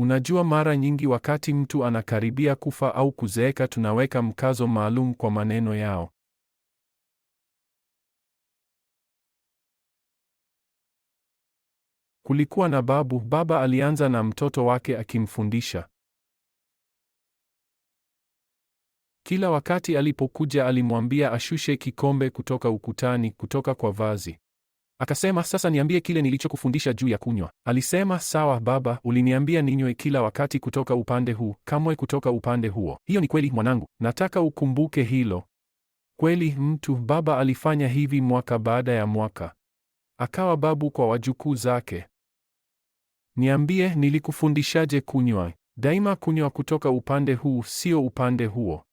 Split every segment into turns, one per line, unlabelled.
Unajua, mara nyingi wakati mtu anakaribia kufa au kuzeeka, tunaweka mkazo maalum kwa maneno yao.
Kulikuwa na babu. Baba alianza na mtoto wake
akimfundisha. Kila wakati alipokuja, alimwambia ashushe kikombe kutoka ukutani, kutoka kwa vazi. Akasema, sasa niambie kile nilichokufundisha juu ya kunywa. Alisema, sawa baba, uliniambia ninywe kila wakati kutoka upande huu, kamwe kutoka upande huo. Hiyo ni kweli mwanangu, nataka ukumbuke hilo. Kweli mtu baba alifanya hivi mwaka baada ya mwaka, akawa babu kwa wajukuu zake. Niambie, nilikufundishaje kunywa? Daima kunywa kutoka upande huu, sio upande huo.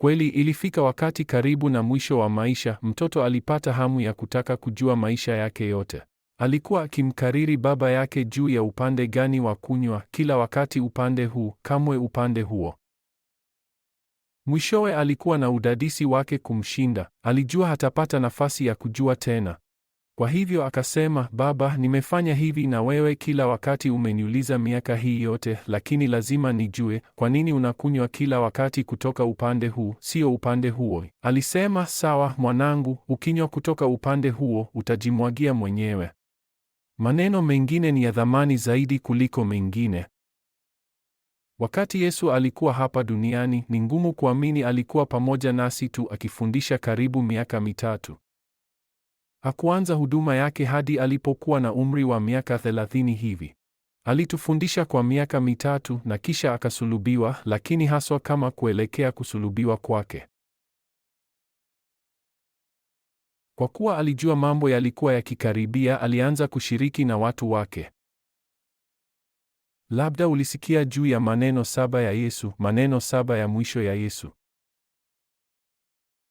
Kweli ilifika wakati karibu na mwisho wa maisha, mtoto alipata hamu ya kutaka kujua maisha yake yote. Alikuwa akimkariri baba yake juu ya upande gani wa kunywa, kila wakati upande huu, kamwe upande huo. Mwishowe alikuwa na udadisi wake kumshinda, alijua hatapata nafasi ya kujua tena. Kwa hivyo akasema, Baba, nimefanya hivi na wewe kila wakati umeniuliza miaka hii yote, lakini lazima nijue kwa nini unakunywa kila wakati kutoka upande huu, sio upande huo. Alisema, sawa mwanangu, ukinywa kutoka upande huo utajimwagia mwenyewe. Maneno mengine ni ya thamani zaidi kuliko mengine. Wakati Yesu alikuwa hapa duniani, ni ngumu kuamini alikuwa pamoja nasi tu akifundisha karibu miaka mitatu. Hakuanza huduma yake hadi alipokuwa na umri wa miaka thelathini hivi. Alitufundisha kwa miaka mitatu na kisha akasulubiwa, lakini haswa kama kuelekea kusulubiwa kwake. Kwa kuwa alijua mambo yalikuwa yakikaribia, alianza kushiriki na watu wake. Labda ulisikia juu ya maneno saba ya Yesu, maneno saba ya mwisho ya Yesu.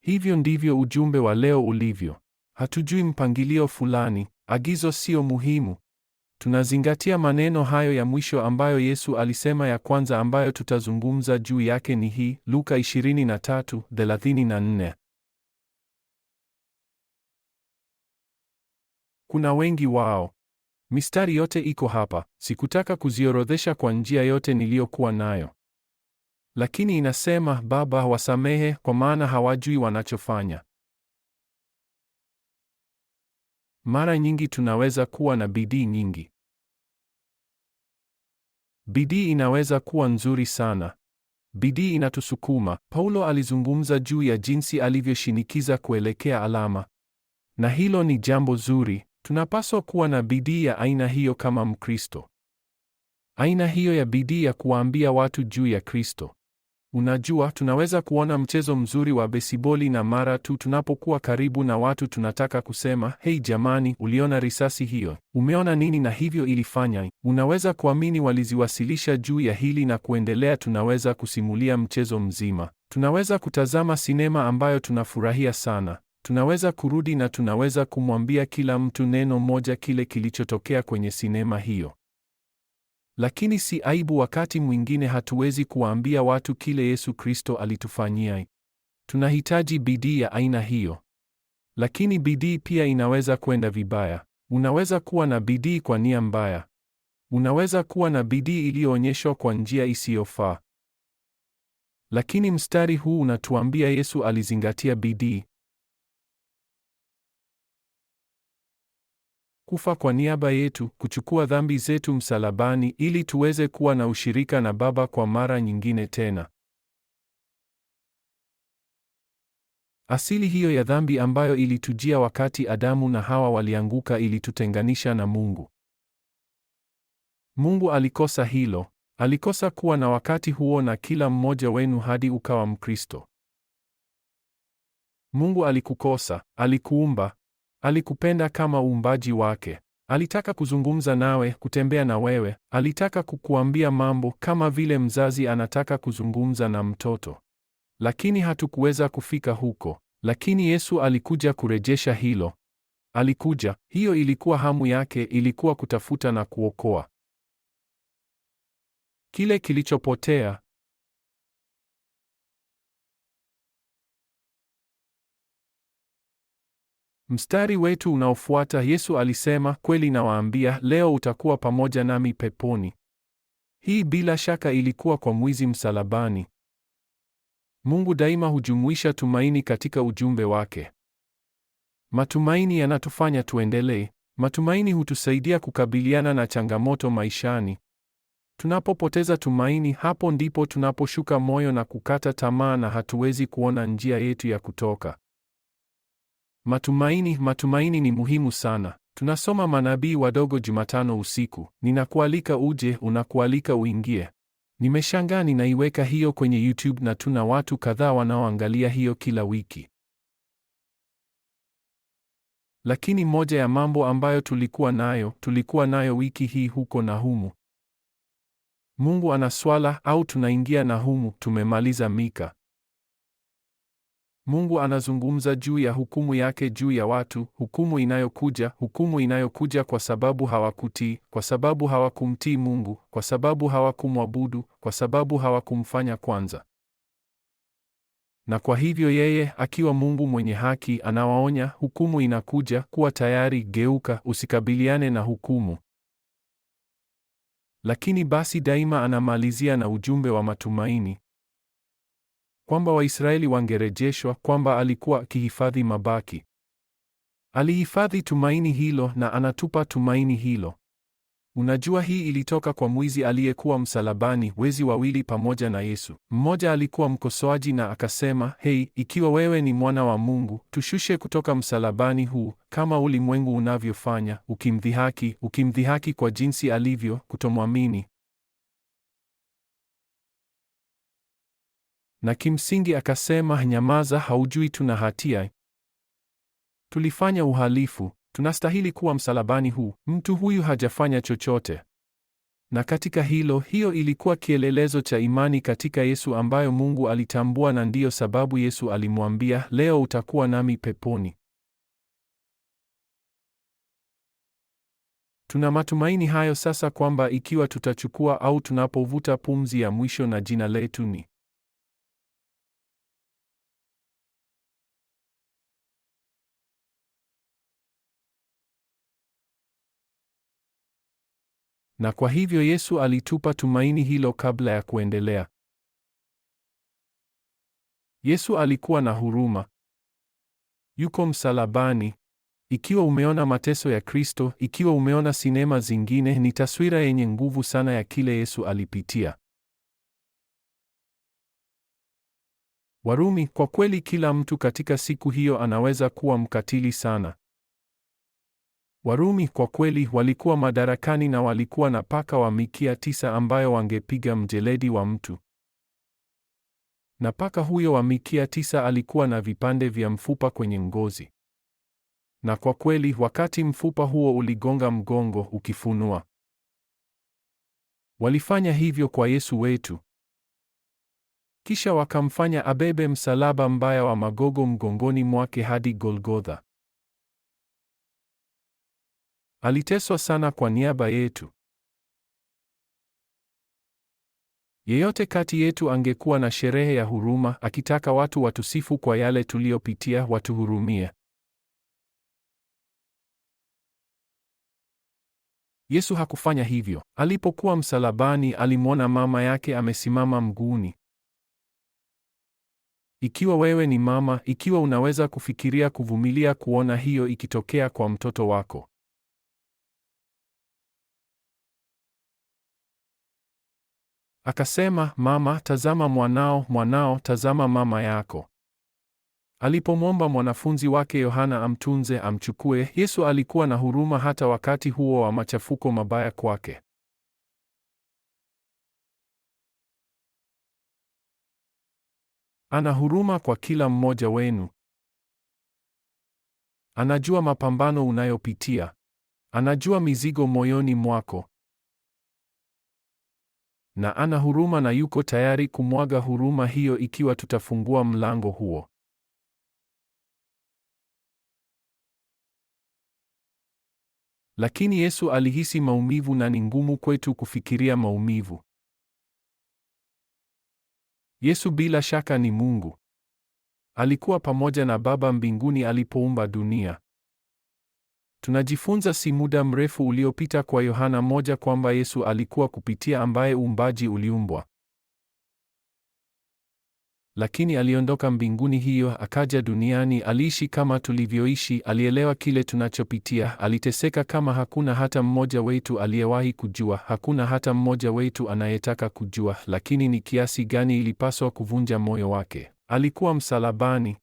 Hivyo ndivyo ujumbe wa leo ulivyo. Hatujui mpangilio fulani, agizo sio muhimu. Tunazingatia maneno hayo ya mwisho ambayo Yesu alisema. Ya kwanza ambayo tutazungumza juu yake ni hii, Luka 23:34. Kuna wengi wao. Mistari yote iko hapa. Sikutaka kuziorodhesha kwa njia yote niliyokuwa nayo. Lakini inasema, Baba, wasamehe kwa maana hawajui wanachofanya. Mara nyingi tunaweza kuwa na bidii nyingi. Bidii inaweza kuwa nzuri sana. Bidii inatusukuma. Paulo alizungumza juu ya jinsi alivyoshinikiza kuelekea alama, na hilo ni jambo zuri. Tunapaswa kuwa na bidii ya aina hiyo kama Mkristo, aina hiyo ya bidii ya kuwaambia watu juu ya Kristo. Unajua, tunaweza kuona mchezo mzuri wa besiboli na mara tu tunapokuwa karibu na watu tunataka kusema, hei jamani, uliona risasi hiyo? Umeona nini na hivyo ilifanya? Unaweza kuamini waliziwasilisha juu ya hili na kuendelea. Tunaweza kusimulia mchezo mzima. Tunaweza kutazama sinema ambayo tunafurahia sana. Tunaweza kurudi na tunaweza kumwambia kila mtu neno moja kile kilichotokea kwenye sinema hiyo. Lakini si aibu wakati mwingine hatuwezi kuwaambia watu kile Yesu Kristo alitufanyia. Tunahitaji bidii ya aina hiyo. Lakini bidii pia inaweza kwenda vibaya. Unaweza kuwa na bidii kwa nia mbaya. Unaweza kuwa na bidii iliyoonyeshwa kwa njia isiyofaa. Lakini mstari huu unatuambia Yesu alizingatia bidii, kufa kwa niaba yetu, kuchukua dhambi zetu msalabani ili tuweze kuwa na ushirika na Baba kwa mara nyingine tena. Asili hiyo ya dhambi ambayo ilitujia wakati Adamu na Hawa walianguka ilitutenganisha na Mungu. Mungu alikosa hilo. Alikosa kuwa na wakati huo na kila mmoja wenu hadi ukawa Mkristo. Mungu alikukosa, alikuumba, Alikupenda kama uumbaji wake. Alitaka kuzungumza nawe, kutembea na wewe, alitaka kukuambia mambo kama vile mzazi anataka kuzungumza na mtoto. Lakini hatukuweza kufika huko. Lakini Yesu alikuja kurejesha hilo. Alikuja, hiyo ilikuwa hamu yake, ilikuwa kutafuta na kuokoa
kile kilichopotea.
Mstari wetu unaofuata Yesu alisema, kweli nawaambia, leo utakuwa pamoja nami peponi. Hii bila shaka ilikuwa kwa mwizi msalabani. Mungu daima hujumuisha tumaini katika ujumbe wake. Matumaini yanatufanya tuendelee. Matumaini hutusaidia kukabiliana na changamoto maishani. Tunapopoteza tumaini, hapo ndipo tunaposhuka moyo na kukata tamaa na hatuwezi kuona njia yetu ya kutoka. Matumaini, matumaini ni muhimu sana. Tunasoma manabii wadogo Jumatano usiku. Ninakualika uje, unakualika uingie. Nimeshangaa, ninaiweka hiyo kwenye YouTube na tuna watu kadhaa wanaoangalia hiyo kila wiki. Lakini moja ya mambo ambayo tulikuwa nayo, tulikuwa nayo wiki hii huko Nahumu. Mungu ana swala au tunaingia Nahumu, tumemaliza Mika. Mungu anazungumza juu ya hukumu yake juu ya watu, hukumu inayokuja, hukumu inayokuja kwa sababu hawakutii, kwa sababu hawakumtii Mungu, kwa sababu hawakumwabudu, kwa sababu hawakumfanya kwanza. Na kwa hivyo yeye, akiwa Mungu mwenye haki, anawaonya, hukumu inakuja, kuwa tayari, geuka, usikabiliane na hukumu. Lakini basi daima anamalizia na ujumbe wa matumaini kwamba Waisraeli wangerejeshwa, kwamba alikuwa akihifadhi mabaki. Alihifadhi tumaini hilo na anatupa tumaini hilo. Unajua, hii ilitoka kwa mwizi aliyekuwa msalabani, wezi wawili pamoja na Yesu. Mmoja alikuwa mkosoaji na akasema, hei, ikiwa wewe ni mwana wa Mungu, tushushe kutoka msalabani huu, kama ulimwengu unavyofanya, ukimdhihaki, ukimdhihaki kwa jinsi alivyo, kutomwamini.
na kimsingi
akasema, nyamaza, haujui tuna hatia, tulifanya uhalifu, tunastahili kuwa msalabani huu, mtu huyu hajafanya chochote. Na katika hilo, hiyo ilikuwa kielelezo cha imani katika Yesu ambayo Mungu alitambua, na ndiyo sababu Yesu alimwambia, leo utakuwa nami peponi. Tuna matumaini hayo sasa kwamba ikiwa tutachukua au tunapovuta pumzi ya mwisho na jina letu ni
Na kwa hivyo Yesu alitupa
tumaini hilo kabla ya kuendelea. Yesu alikuwa na huruma. Yuko msalabani. Ikiwa umeona mateso ya Kristo, ikiwa umeona sinema zingine, ni taswira yenye nguvu sana ya kile Yesu alipitia. Warumi, kwa kweli kila mtu katika siku hiyo anaweza kuwa mkatili sana. Warumi kwa kweli walikuwa madarakani na walikuwa na paka wa mikia tisa ambayo wangepiga mjeledi wa mtu. Na paka huyo wa mikia tisa alikuwa na vipande vya mfupa kwenye ngozi. Na kwa kweli wakati mfupa huo uligonga mgongo ukifunua, walifanya hivyo kwa Yesu wetu. Kisha wakamfanya abebe msalaba mbaya wa magogo mgongoni mwake hadi Golgotha.
Aliteswa sana kwa niaba yetu.
Yeyote kati yetu angekuwa na sherehe ya huruma, akitaka watu watusifu kwa yale tuliyopitia, watuhurumia
Yesu hakufanya hivyo. Alipokuwa msalabani,
alimwona mama yake amesimama mguuni. Ikiwa wewe ni mama, ikiwa unaweza kufikiria kuvumilia kuona hiyo ikitokea kwa
mtoto wako,
Akasema, mama, tazama mwanao, mwanao, tazama mama yako. Alipomwomba mwanafunzi wake Yohana amtunze, amchukue, Yesu alikuwa na huruma hata wakati huo wa machafuko mabaya kwake.
Ana huruma kwa kila mmoja wenu. Anajua mapambano
unayopitia. Anajua mizigo moyoni mwako na ana huruma na yuko tayari kumwaga huruma hiyo ikiwa tutafungua
mlango huo. Lakini Yesu alihisi maumivu na ni ngumu kwetu kufikiria maumivu. Yesu bila shaka ni Mungu.
Alikuwa pamoja na Baba mbinguni alipoumba dunia. Tunajifunza si muda mrefu uliopita kwa Yohana moja kwamba Yesu alikuwa kupitia ambaye uumbaji uliumbwa. Lakini aliondoka mbinguni hiyo, akaja duniani, aliishi kama tulivyoishi, alielewa kile tunachopitia, aliteseka kama hakuna hata mmoja wetu aliyewahi kujua, hakuna hata mmoja wetu anayetaka kujua, lakini ni kiasi gani ilipaswa kuvunja moyo wake. Alikuwa msalabani.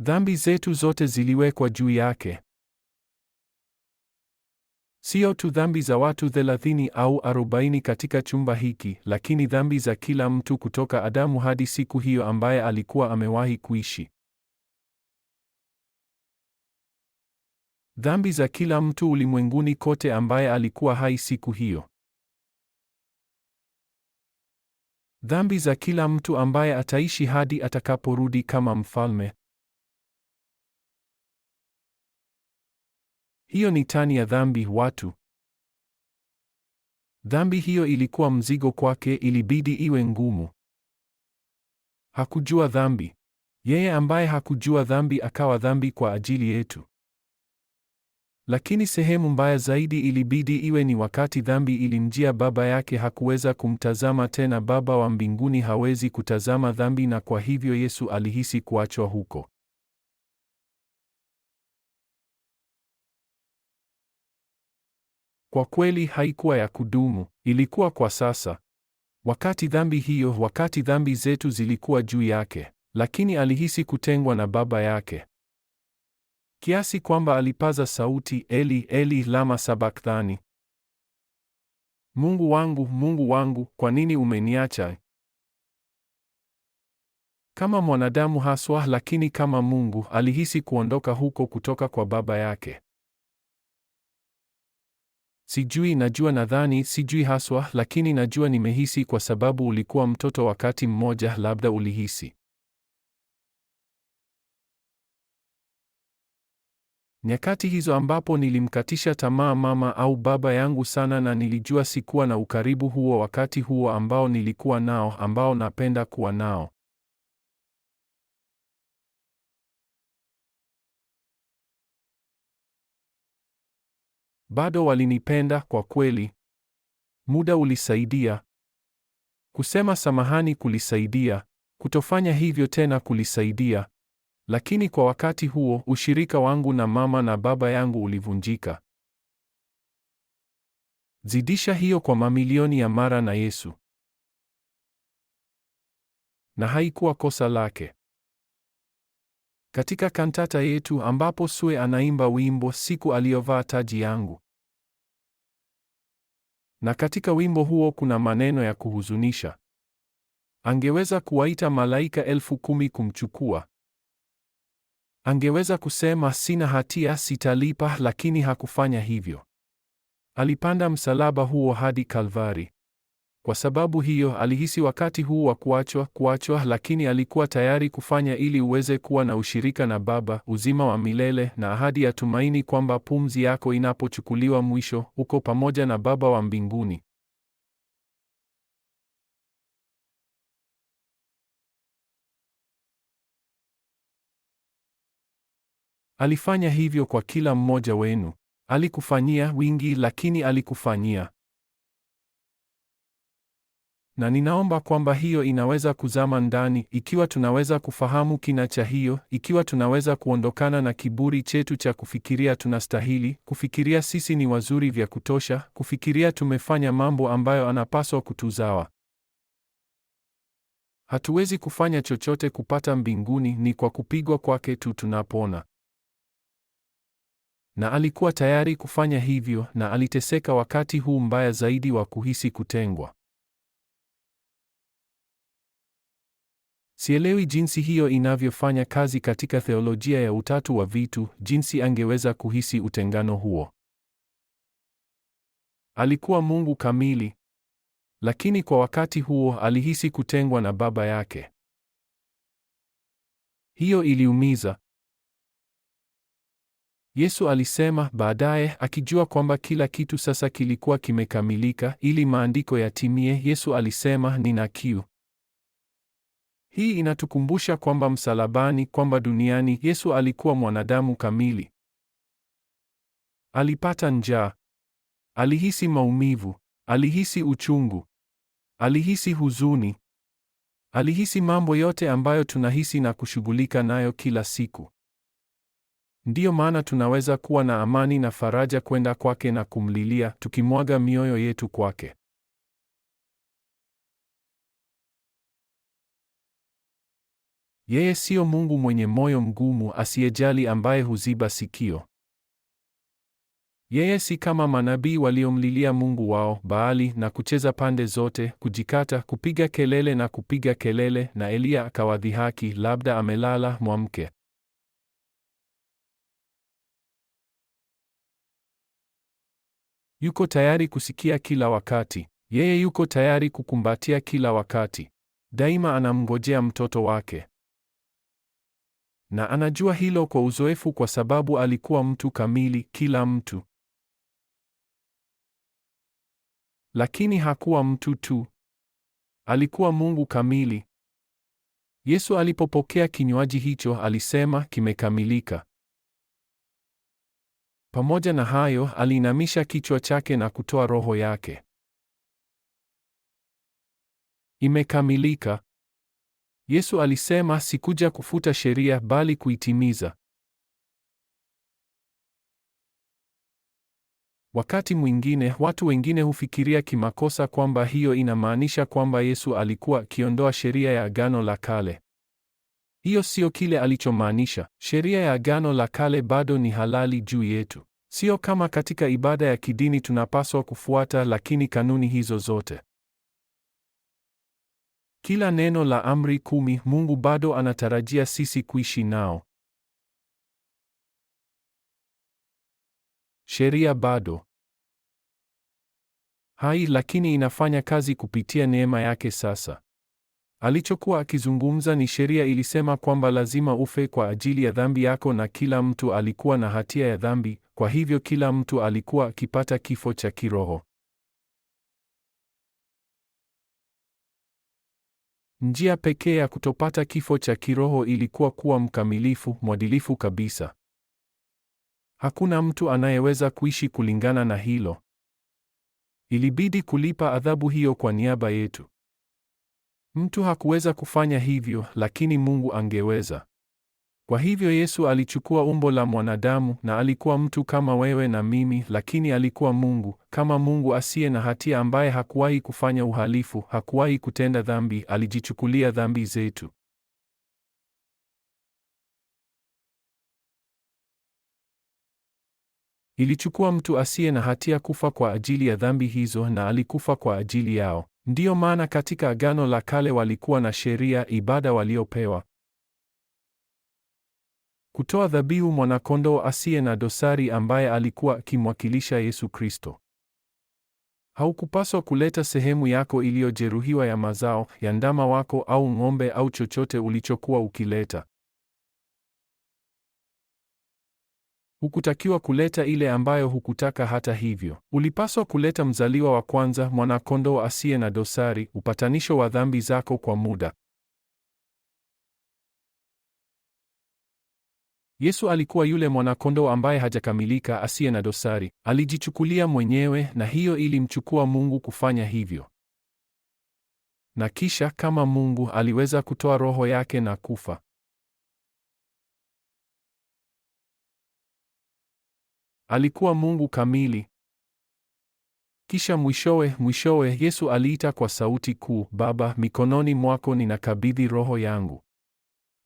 Dhambi zetu zote ziliwekwa
juu yake. Sio tu dhambi za watu thelathini au arobaini katika chumba hiki, lakini dhambi za kila mtu kutoka Adamu hadi siku hiyo ambaye alikuwa amewahi kuishi. Dhambi za kila mtu ulimwenguni kote ambaye alikuwa hai siku hiyo.
Dhambi za kila mtu ambaye ataishi hadi atakaporudi kama mfalme. Hiyo ni tani ya dhambi watu.
Dhambi hiyo ilikuwa mzigo kwake, ilibidi iwe ngumu. Hakujua dhambi. Yeye ambaye hakujua dhambi akawa dhambi kwa ajili yetu. Lakini sehemu mbaya zaidi ilibidi iwe ni wakati dhambi ilimjia baba yake, hakuweza kumtazama tena. Baba wa mbinguni hawezi kutazama dhambi, na kwa hivyo Yesu alihisi kuachwa huko.
Kwa kweli haikuwa ya
kudumu, ilikuwa kwa sasa. Wakati dhambi hiyo, wakati dhambi zetu zilikuwa juu yake, lakini alihisi kutengwa na Baba yake kiasi kwamba alipaza sauti, Eli Eli lama sabakthani, Mungu wangu, Mungu wangu, kwa nini umeniacha? Kama mwanadamu haswa, lakini kama Mungu alihisi kuondoka huko kutoka kwa Baba yake. Sijui, najua, nadhani, sijui haswa, lakini najua nimehisi, kwa sababu ulikuwa mtoto wakati mmoja, labda
ulihisi.
Nyakati hizo ambapo nilimkatisha tamaa mama au baba yangu sana, na nilijua sikuwa na ukaribu huo wakati huo ambao nilikuwa nao, ambao napenda kuwa nao.
Bado walinipenda kwa kweli.
Muda ulisaidia. Kusema samahani kulisaidia. Kutofanya hivyo tena kulisaidia. Lakini kwa wakati huo ushirika wangu na mama na baba yangu ulivunjika. Zidisha
hiyo kwa mamilioni ya mara na Yesu. Na
haikuwa kosa lake katika kantata yetu ambapo Sue anaimba wimbo siku aliyovaa taji yangu, na katika wimbo huo kuna maneno ya kuhuzunisha. Angeweza kuwaita malaika elfu kumi kumchukua. Angeweza kusema sina hatia, sitalipa, lakini hakufanya hivyo. Alipanda msalaba huo hadi Kalvari. Kwa sababu hiyo, alihisi wakati huu wa kuachwa, kuachwa, lakini alikuwa tayari kufanya ili uweze kuwa na ushirika na Baba, uzima wa milele na ahadi ya tumaini kwamba pumzi yako inapochukuliwa mwisho, uko pamoja na Baba wa mbinguni. Alifanya hivyo kwa kila mmoja wenu. Alikufanyia wingi, lakini alikufanyia na ninaomba kwamba hiyo inaweza kuzama ndani, ikiwa tunaweza kufahamu kina cha hiyo, ikiwa tunaweza kuondokana na kiburi chetu cha kufikiria tunastahili, kufikiria sisi ni wazuri vya kutosha, kufikiria tumefanya mambo ambayo anapaswa kutuzawa. Hatuwezi kufanya chochote kupata mbinguni, ni kwa kupigwa kwake tu tunapona. Na alikuwa tayari kufanya hivyo, na aliteseka wakati huu mbaya zaidi wa kuhisi kutengwa. Sielewi jinsi hiyo inavyofanya kazi katika theolojia ya utatu wa vitu, jinsi angeweza kuhisi utengano huo. Alikuwa Mungu kamili, lakini kwa wakati huo alihisi kutengwa na Baba yake. Hiyo iliumiza. Yesu alisema baadaye, akijua kwamba kila kitu sasa kilikuwa kimekamilika ili maandiko yatimie. Yesu alisema, nina kiu. Hii inatukumbusha kwamba msalabani, kwamba duniani Yesu alikuwa mwanadamu kamili. Alipata njaa, alihisi maumivu, alihisi uchungu, alihisi huzuni, alihisi mambo yote ambayo tunahisi na kushughulika nayo kila siku. Ndiyo maana tunaweza kuwa na amani na faraja kwenda kwake na kumlilia, tukimwaga mioyo yetu kwake. Yeye siyo Mungu mwenye moyo mgumu asiyejali ambaye huziba sikio. Yeye si kama manabii waliomlilia Mungu wao Baali na kucheza pande zote, kujikata, kupiga kelele na kupiga kelele na Eliya akawadhihaki, labda amelala mwamke. Yuko tayari kusikia kila wakati. Yeye yuko tayari kukumbatia kila wakati. Daima anamngojea mtoto wake. Na anajua hilo kwa uzoefu kwa sababu
alikuwa mtu kamili, kila mtu.
Lakini hakuwa mtu tu. Alikuwa Mungu kamili. Yesu alipopokea kinywaji hicho alisema, kimekamilika. Pamoja na hayo, aliinamisha kichwa chake na kutoa roho yake.
Imekamilika. Yesu alisema, sikuja kufuta sheria bali kuitimiza.
Wakati mwingine watu wengine hufikiria kimakosa kwamba hiyo inamaanisha kwamba Yesu alikuwa akiondoa sheria ya Agano la Kale. Hiyo sio kile alichomaanisha. Sheria ya Agano la Kale bado ni halali juu yetu. Sio kama katika ibada ya kidini tunapaswa kufuata lakini kanuni hizo zote. Kila neno la amri kumi
Mungu bado anatarajia sisi kuishi nao. Sheria bado hai,
lakini inafanya kazi kupitia neema yake sasa. Alichokuwa akizungumza ni sheria ilisema kwamba lazima ufe kwa ajili ya dhambi yako, na kila mtu alikuwa na hatia ya dhambi. Kwa hivyo kila mtu alikuwa akipata kifo cha kiroho.
Njia pekee ya kutopata
kifo cha kiroho ilikuwa kuwa mkamilifu, mwadilifu kabisa. Hakuna mtu anayeweza kuishi kulingana na hilo. Ilibidi kulipa adhabu hiyo kwa niaba yetu. Mtu hakuweza kufanya hivyo, lakini Mungu angeweza. Kwa hivyo Yesu alichukua umbo la mwanadamu na alikuwa mtu kama wewe na mimi, lakini alikuwa Mungu, kama Mungu asiye na hatia ambaye hakuwahi kufanya uhalifu, hakuwahi kutenda dhambi, alijichukulia dhambi zetu. Ilichukua mtu asiye na hatia kufa kwa ajili ya dhambi hizo na alikufa kwa ajili yao. Ndiyo maana katika Agano la Kale walikuwa na sheria, ibada waliopewa kutoa dhabihu mwanakondoo asiye na dosari ambaye alikuwa akimwakilisha Yesu Kristo. Haukupaswa kuleta sehemu yako iliyojeruhiwa ya mazao ya ndama wako au ng'ombe au chochote ulichokuwa ukileta. Hukutakiwa kuleta ile ambayo hukutaka. Hata hivyo, ulipaswa kuleta mzaliwa wa kwanza, mwanakondoo asiye na dosari, upatanisho wa dhambi zako kwa muda. Yesu alikuwa yule mwanakondoo ambaye hajakamilika, asiye na dosari. Alijichukulia mwenyewe, na hiyo ilimchukua Mungu kufanya hivyo. Na kisha kama Mungu aliweza kutoa roho
yake na kufa.
Alikuwa Mungu kamili. Kisha mwishowe, mwishowe Yesu aliita kwa sauti kuu, Baba, mikononi mwako ninakabidhi roho yangu.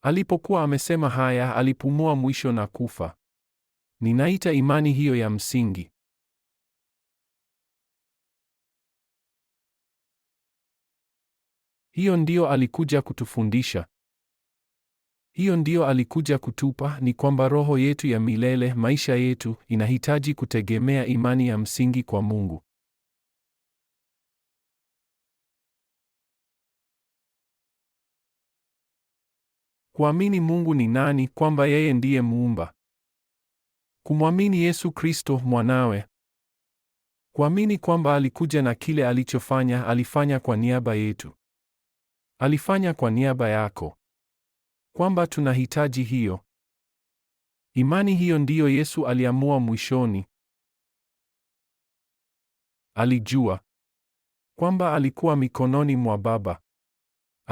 Alipokuwa amesema haya, alipumua mwisho na kufa.
Ninaita imani hiyo ya msingi. Hiyo ndiyo alikuja kutufundisha.
Hiyo ndiyo alikuja kutupa ni kwamba roho yetu ya milele, maisha yetu inahitaji kutegemea imani ya msingi kwa Mungu. Kuamini Mungu ni nani, kwamba yeye ndiye muumba. Kumwamini Yesu Kristo mwanawe. Kuamini kwamba alikuja na kile alichofanya alifanya kwa niaba yetu. Alifanya kwa niaba yako. Kwamba tunahitaji hiyo. Imani hiyo ndiyo
Yesu aliamua mwishoni. Alijua
kwamba alikuwa mikononi mwa Baba.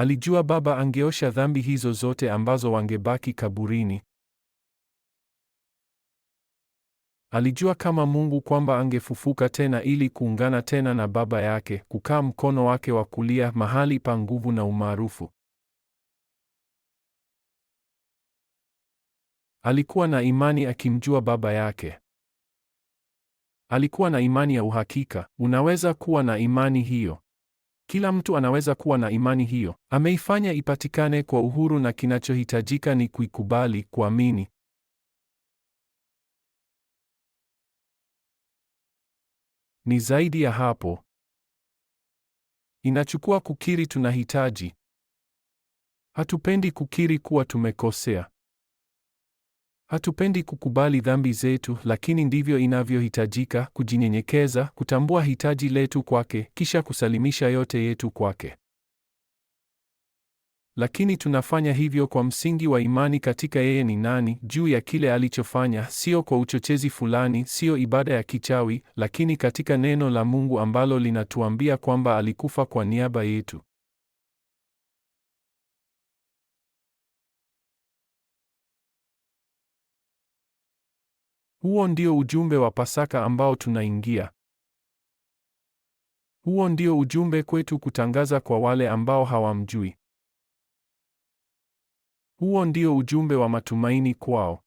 Alijua Baba angeosha dhambi hizo zote ambazo wangebaki kaburini. Alijua kama Mungu kwamba angefufuka tena ili kuungana tena na Baba yake, kukaa mkono wake wa kulia mahali pa nguvu na umaarufu.
Alikuwa na imani akimjua Baba
yake. Alikuwa na imani ya uhakika. Unaweza kuwa na imani hiyo. Kila mtu anaweza kuwa na imani hiyo, ameifanya ipatikane kwa uhuru, na kinachohitajika ni kuikubali, kuamini.
Ni zaidi ya hapo. Inachukua kukiri tunahitaji.
Hatupendi kukiri kuwa tumekosea. Hatupendi kukubali dhambi zetu, lakini ndivyo inavyohitajika: kujinyenyekeza, kutambua hitaji letu kwake, kisha kusalimisha yote yetu kwake. Lakini tunafanya hivyo kwa msingi wa imani katika yeye ni nani, juu ya kile alichofanya, sio kwa uchochezi fulani, sio ibada ya kichawi, lakini katika neno la Mungu ambalo linatuambia kwamba alikufa kwa niaba yetu. Huo ndio ujumbe wa Pasaka ambao tunaingia. Huo ndio ujumbe kwetu kutangaza kwa wale ambao hawamjui. Huo ndio ujumbe wa matumaini kwao.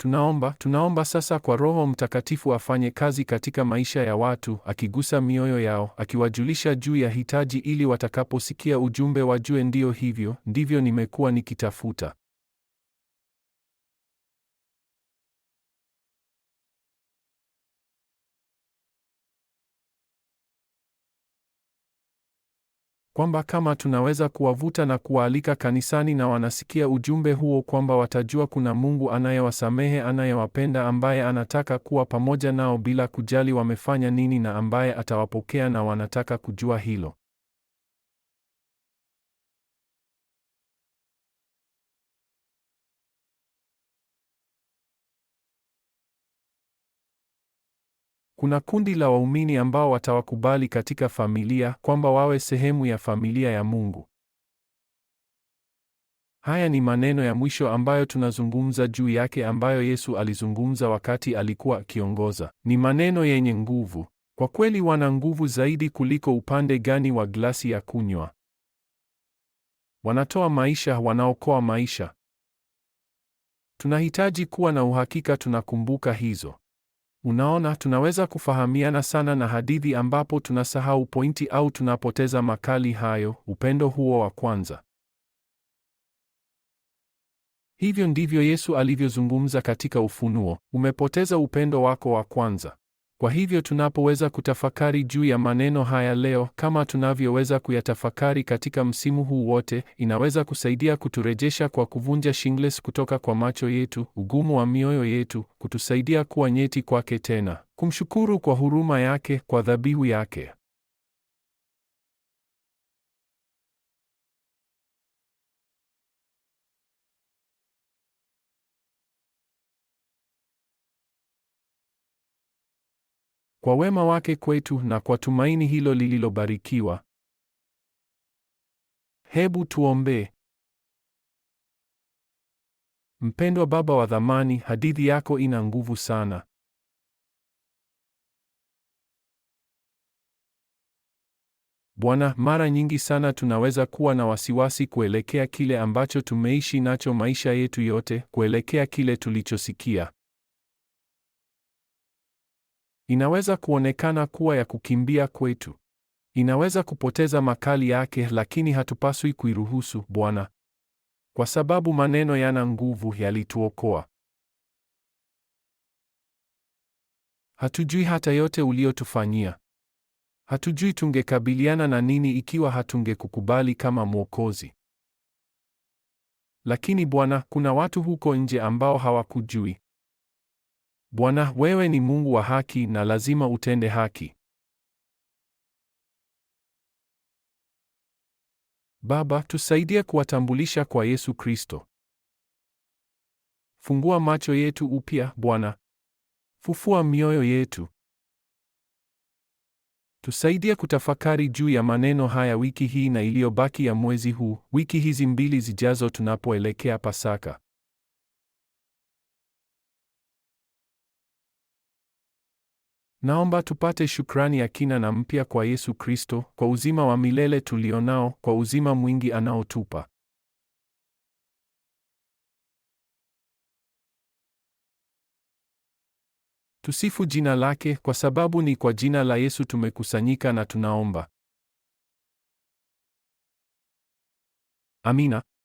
Tunaomba, tunaomba sasa kwa Roho Mtakatifu afanye kazi katika maisha ya watu, akigusa mioyo yao, akiwajulisha juu ya hitaji ili watakaposikia ujumbe wajue ndio hivyo, ndivyo nimekuwa nikitafuta. kwamba kama tunaweza kuwavuta na kuwaalika kanisani na wanasikia ujumbe huo kwamba watajua kuna Mungu anayewasamehe, anayewapenda, ambaye anataka kuwa pamoja nao bila kujali wamefanya nini na ambaye atawapokea na wanataka kujua hilo.
Kuna kundi la waumini ambao
watawakubali katika familia kwamba wawe sehemu ya familia ya Mungu. Haya ni maneno ya mwisho ambayo tunazungumza juu yake ambayo Yesu alizungumza wakati alikuwa akiongoza. Ni maneno yenye nguvu. Kwa kweli wana nguvu zaidi kuliko upande gani wa glasi ya kunywa. Wanatoa maisha, wanaokoa maisha. Tunahitaji kuwa na uhakika tunakumbuka hizo. Unaona, tunaweza kufahamiana sana na hadithi ambapo tunasahau pointi au tunapoteza makali hayo, upendo huo wa kwanza. Hivyo ndivyo Yesu alivyozungumza katika Ufunuo, umepoteza upendo wako wa kwanza. Kwa hivyo tunapoweza kutafakari juu ya maneno haya leo kama tunavyoweza kuyatafakari katika msimu huu wote, inaweza kusaidia kuturejesha kwa kuvunja shingles kutoka kwa macho yetu, ugumu wa mioyo yetu, kutusaidia kuwa nyeti kwake tena, kumshukuru kwa huruma yake, kwa dhabihu
yake. kwa wema wake kwetu na kwa tumaini hilo lililobarikiwa. Hebu tuombe. Mpendwa Baba wa dhamani, hadithi yako ina nguvu sana.
Bwana, mara nyingi sana tunaweza kuwa na wasiwasi kuelekea kile ambacho tumeishi nacho maisha yetu yote, kuelekea kile tulichosikia. Inaweza kuonekana kuwa ya kukimbia kwetu. Inaweza kupoteza makali yake, lakini hatupaswi kuiruhusu, Bwana, kwa sababu maneno yana nguvu, yalituokoa. Hatujui hata yote uliyotufanyia. Hatujui tungekabiliana na nini ikiwa hatungekukubali kama Mwokozi. Lakini Bwana, kuna watu huko nje ambao hawakujui. Bwana, wewe ni Mungu wa haki na lazima utende haki.
Baba, tusaidie kuwatambulisha kwa Yesu Kristo. Fungua macho yetu
upya, Bwana. Fufua mioyo yetu. Tusaidie kutafakari juu ya maneno haya wiki hii na iliyobaki ya mwezi huu, wiki hizi mbili zijazo tunapoelekea Pasaka. Naomba tupate shukrani ya kina na mpya kwa Yesu Kristo, kwa uzima wa milele tulionao, kwa uzima mwingi anaotupa.
Tusifu jina lake kwa sababu ni kwa jina la Yesu tumekusanyika na tunaomba. Amina.